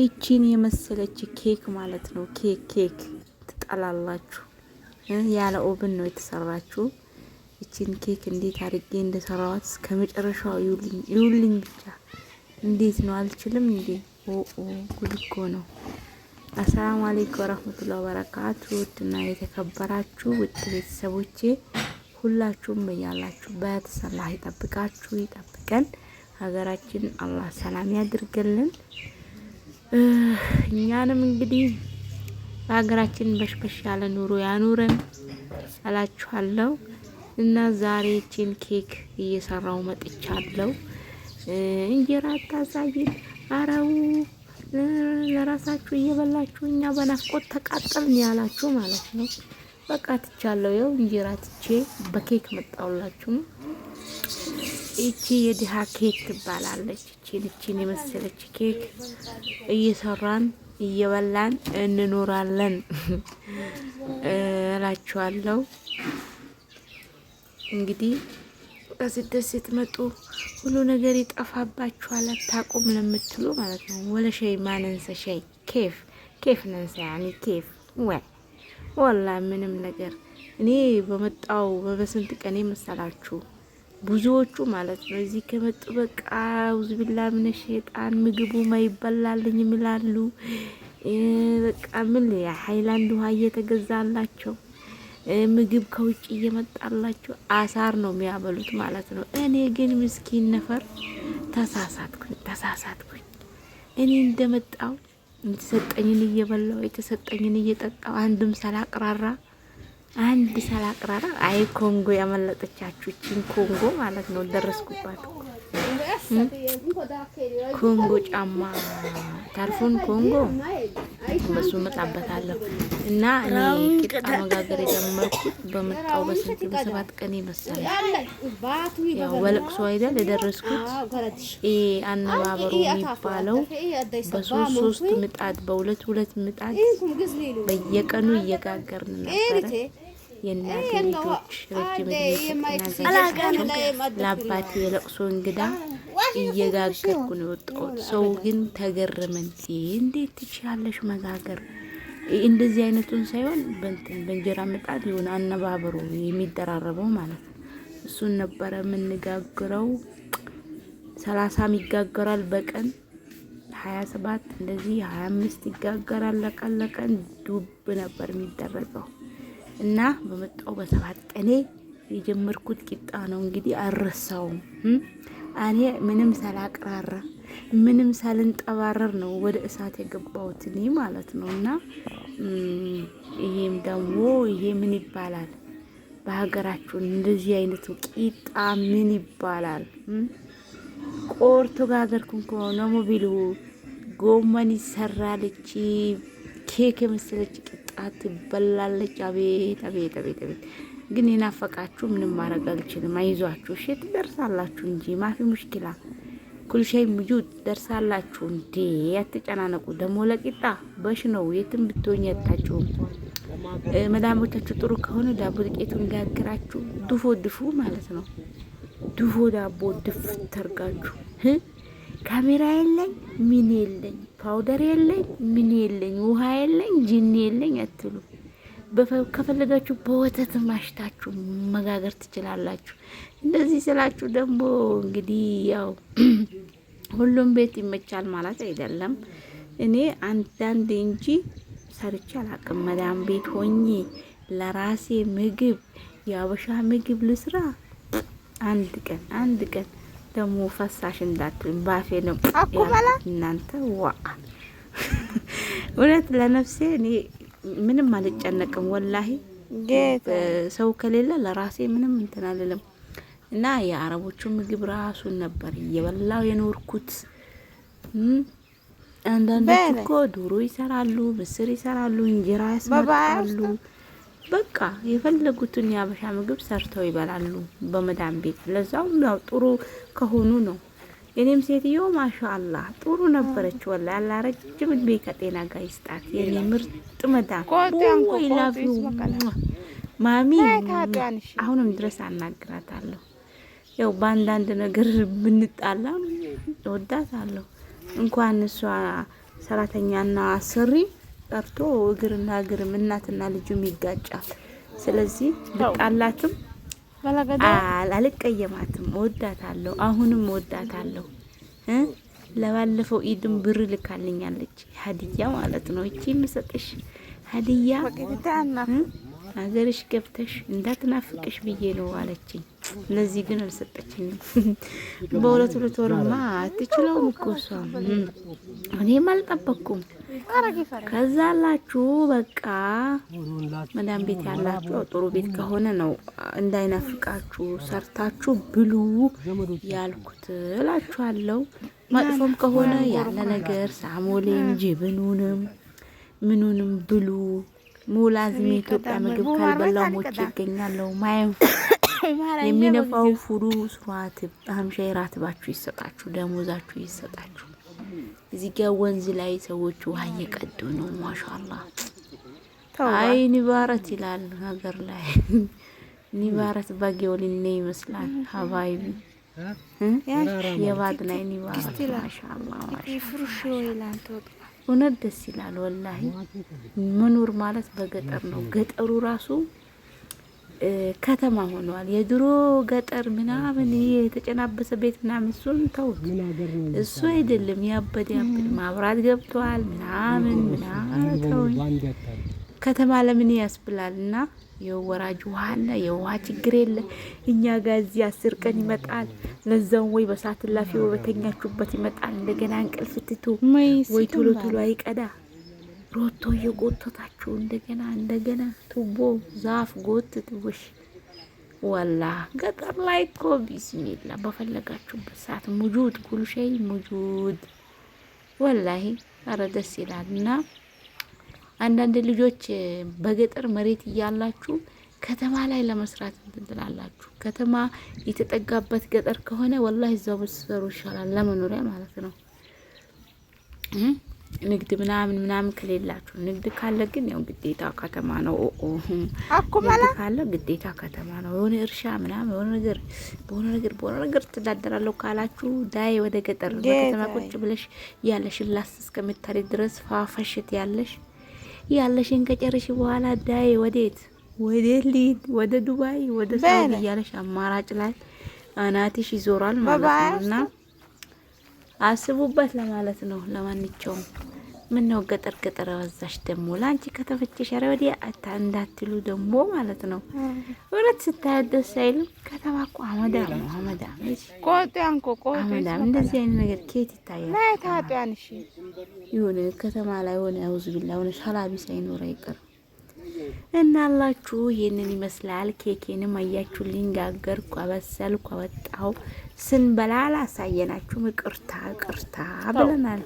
ይቺን የመሰለች ኬክ ማለት ነው። ኬክ ኬክ ትጠላላችሁ። ያለ ኦብን ነው የተሰራችሁ። ይቺን ኬክ እንዴት አድርጌ እንደሰራዋት እስከ መጨረሻው ይውልኝ ብቻ። እንዴት ነው አልችልም እንዴ? ኦ ጉድ እኮ ነው። አሰላሙ አለይኩም ወረህመቱላሂ ወበረካቱ። ውድና የተከበራችሁ ውድ ቤተሰቦቼ ሁላችሁም በያላችሁበት በተሰላህ ይጠብቃችሁ፣ ይጠብቀን። ሀገራችን አላህ ሰላም ያድርግልን። እኛንም እንግዲህ በሀገራችን በሽበሽ ያለ ኑሮ ያኑረን እላችኋለሁ። እና ዛሬ ቺን ኬክ እየሰራው መጥቻለሁ። እንጀራ አታሳይን አረው ለራሳችሁ እየበላችሁ እኛ በናፍቆት ተቃጠልን ያላችሁ ማለት ነው። በቃ ትቻለሁ። ያው እንጀራ ትቼ በኬክ መጣውላችሁም። ይቺ የድሃ ኬክ ትባላለች። እቺን እቺን የመሰለች ኬክ እየሰራን እየበላን እንኖራለን እላችኋለሁ። እንግዲህ ከስደት ስትመጡ ሁሉ ነገር ይጠፋባችኋል፣ አታቁም ለምትሉ ማለት ነው። ወለሸይ ማነንሰ ሸይ ኬፍ ኬፍ ነንሰ ያኒ ኬፍ ወ ወላ ምንም ነገር እኔ በመጣው በበስንት ቀኔ መሰላችሁ ብዙዎቹ ማለት ነው። እዚህ ከመጡ በቃ ውዝብላ ምነ ሸይጣን ምግቡ ማይበላልኝ ይላሉ። በቃ ምን ሃይላንድ ውሃ እየተገዛላቸው ምግብ ከውጭ እየመጣላቸው አሳር ነው የሚያበሉት ማለት ነው። እኔ ግን ምስኪን ነፈር ተሳሳትኩኝ ተሳሳትኩኝ። እኔ እንደመጣው የተሰጠኝን እየበላው የተሰጠኝን እየጠጣው አንድም ሳላቅራራ አንድ ሳላቅራራ አይ ኮንጎ ያመለጠቻችሁ ቺን ኮንጎ ማለት ነው። ደረስኩባት ኮንጎ ጫማ ታርፎን ኮንጎ በሱ መጣበታለሁ እና እኔ ቂጣ መጋገር የጀመርኩት በመጣው በስንት በሰባት ቀን ይመሰለ ያው በለቅሶ አይደል የደረስኩት። አነባበሩ የሚባለው በሶስት ሶስት ምጣድ በሁለት ሁለት ምጣድ በየቀኑ እየጋገርን ነበረ። የእናቴ ልጆች ረጅም እየሰጠናዘ ለአባቴ የለቅሶ እንግዳ እየጋገርኩ ነው የወጣሁት። ሰው ግን ተገረመን። እንዴት ትችላለሽ መጋገር? እንደዚህ አይነቱን ሳይሆን በእንትን በእንጀራ ምጣድ የሆነ አነባበሩ የሚደራረበው ማለት ነው። እሱን ነበረ የምንጋግረው። ሰላሳም ይጋገራል በቀን ሀያ ሰባት እንደዚህ ሀያ አምስት ይጋገራል ለቀን ለቀን ዱብ ነበር የሚደረገው። እና በመጣው በሰባት ቀኔ የጀመርኩት ቂጣ ነው እንግዲህ አልረሳውም። እኔ ምንም ሳላቅራራ ምንም ሳልንጠባረር ነው ወደ እሳት የገባሁት እኔ ማለት ነው። እና ይሄም ደግሞ ይሄ ምን ይባላል በሀገራችን እንደዚህ አይነቱ ቂጣ ምን ይባላል? ቆርቶ ጋገርኩን ከሆነ ሞቢሉ ጎመን ይሰራለች ኬክ የመሰለች ሰዓት ትበላለች። አቤት አቤት አቤት አቤት! ግን የናፈቃችሁ ምንም ማድረግ አልችልም። አይዟችሁ፣ እሺ ትደርሳላችሁ እንጂ ማፊ ሙሽኪላ ኩልሻይ ምጁ ደርሳላችሁ እንዴ! ያትጨናነቁ ደግሞ ለቂጣ በሽ ነው። የትም ብትሆኝ ያታችሁም መዳሞቻችሁ ጥሩ ከሆነ ዳቦ ዱቄቱን ጋግራችሁ ድፎ ድፉ ማለት ነው። ድፎ ዳቦ ድፍ ተርጋችሁ ካሜራ የለኝ ምን የለኝ ፓውደር የለኝ ምን የለኝ ውሃ የለኝ ጅን የለኝ አትሉ። ከፈለጋችሁ በወተት ማሽታችሁ መጋገር ትችላላችሁ። እንደዚህ ስላችሁ ደግሞ እንግዲህ ያው ሁሉም ቤት ይመቻል ማለት አይደለም። እኔ አንዳንድ እንጂ ሰርቼ አላቅም። መዳም ቤት ሆኜ ለራሴ ምግብ የአበሻ ምግብ ልስራ አንድ ቀን አንድ ቀን ደግሞ ፈሳሽ እንዳትሉኝ ባፌ ነው እናንተ ዋ እውነት ለነፍሴ እኔ ምንም አልጨነቅም። ወላሂ ሰው ከሌለ ለራሴ ምንም እንትን አልልም እና የአረቦቹ ምግብ ራሱን ነበር እየበላው የኖርኩት። አንዳንዶች እኮ ዶሮ ይሰራሉ፣ ምስር ይሰራሉ፣ እንጀራ ያስመጣሉ። በቃ የፈለጉትን የሀበሻ ምግብ ሰርተው ይበላሉ በመዳን ቤት። ለዛውም ያው ጥሩ ከሆኑ ነው። የኔም ሴትዮ ማሻአላ ጥሩ ነበረች። ወላ ያላ ረጅም እድሜ ከጤና ጋር ይስጣት የኔ ምርጥ መዳም። ማሚ አሁንም ድረስ አናግራታለሁ። ያው በአንዳንድ ነገር ብንጣላ ወዳታለሁ። እንኳን እሷ ሰራተኛና አሰሪ ቀርቶ እግርና እግርም እናትና ልጁም ይጋጫል። ስለዚህ ብቃላትም አልቀየማትም፣ ወዳታለሁ። አሁንም ወዳታለሁ። ለባለፈው ኢድም ብር ልካልኛለች፣ ሀዲያ ማለት ነው። እቺ የምሰጥሽ ሀዲያ ሀገርሽ ገብተሽ እንዳትናፍቅሽ ብዬ ነው አለችኝ። እነዚህ ግን አልሰጠችኝም። በሁለት ሁለት ወርማ አትችለውም እኮ እሷም እኔም አልጠበቅኩም። ከዛ አላችሁ በቃ መዳም ቤት ያላችሁ ጥሩ ቤት ከሆነ ነው እንዳይናፍቃችሁ ሰርታችሁ ብሉ ያልኩት እላችኋለሁ። መጥፎም ከሆነ ያለ ነገር ሳሞሌም ጅብኑንም ምኑንም ብሉ። ሙላዝም የኢትዮጵያ ምግብ ካልበላው ይገኛለሁ። የሚነፋው ፉሩ ስሯት ሀምሻ ራትባችሁ ይሰጣችሁ፣ ደሞዛችሁ ይሰጣችሁ። እዚህ ጋር ወንዝ ላይ ሰዎች ውሃ እየቀዱ ነው። ማሻአላ አይ ኒባረት ይላል ሀገር ላይ ኒባረት ባጌውሊነ ይመስላል ሀባይቢ የባድ ላይ ኒባረት ማሻአላ እውነት ደስ ይላል። ወላሂ መኖር ማለት በገጠር ነው። ገጠሩ ራሱ ከተማ ሆኗል። የድሮ ገጠር ምናምን የተጨናበሰ ቤት ምናምን እሱን ተውት፣ እሱ አይደለም። ያበድ ያበድ ማብራት ገብቷል ምናምን ምናምን ተውኝ። ከተማ ለምን ያስብላል እና የወራጅ ውሃ የውሃ ችግር የለ። እኛ ጋ እዚህ አስር ቀን ይመጣል። ለዛው ወይ በሳት ላፊ በተኛችሁበት ይመጣል። እንደገና እንቅልፍ ትቶ ወይ ቶሎ ቶሎ አይቀዳ ሮቶ እየጎተታችሁ እንደገና እንደገና ቱቦ ዛፍ ጎትትውሽ። ወላ ገጠር ላይ እኮ ቢስሚላ በፈለጋችሁበት ሰዓት ሙጁድ ኩልሸይ ሙጁድ ወላሂ፣ አረ ደስ ይላል። እና አንዳንድ ልጆች በገጠር መሬት እያላችሁ ከተማ ላይ ለመስራት እንትን ትላላችሁ። ከተማ የተጠጋበት ገጠር ከሆነ ወላሂ እዛው ብትሰሩ ይሻላል፣ ለመኖሪያ ማለት ነው። ንግድ ምናምን ምናምን ከሌላችሁ ንግድ ካለ ግን ያው ግዴታ ከተማ ነው። ንግድ ካለ ግዴታ ከተማ ነው። የሆነ እርሻ ምናምን የሆነ ነገር በሆነ ነገር በሆነ ነገር ትዳደራለሁ ካላችሁ ዳይ ወደ ገጠር ከተማ ቁጭ ብለሽ ያለሽን ላስ እስከምታሪ ድረስ ፋፈሽት ያለሽ ያለሽን ከጨርሽ በኋላ ዳይ ወዴት ወደ ሊድ ወደ ዱባይ ወደ ሳውዲ እያለሽ አማራጭ ላይ አናትሽ ይዞራል ማለት ነው እና አስቡበት ለማለት ነው። ለማንኛውም ምን ነው ገጠር ገጠር አበዛሽ ደግሞ ለአንቺ ከተመቸሽ ኧረ ወዲያ እንዳትሉ ደግሞ ማለት ነው። እውነት ስታያት ደስ አይልም። ከተማ እኮ አመዳም ነው አመዳም አመዳም እንደዚህ አይነት ነገር ከየት ይታያል? የሆነ ከተማ ላይ ሆነ አውዝ ቢላ ሆነ ሻላቢ ሳይኖር አይቀርም። እናላችሁ ይህንን ይመስላል። ኬኬንም አያችሁልኝ፣ ጋገርኩ፣ አበሰልኩ፣ አወጣሁ። ስንበላ አላሳየናችሁም፣ ይቅርታ ይቅርታ ብለናል።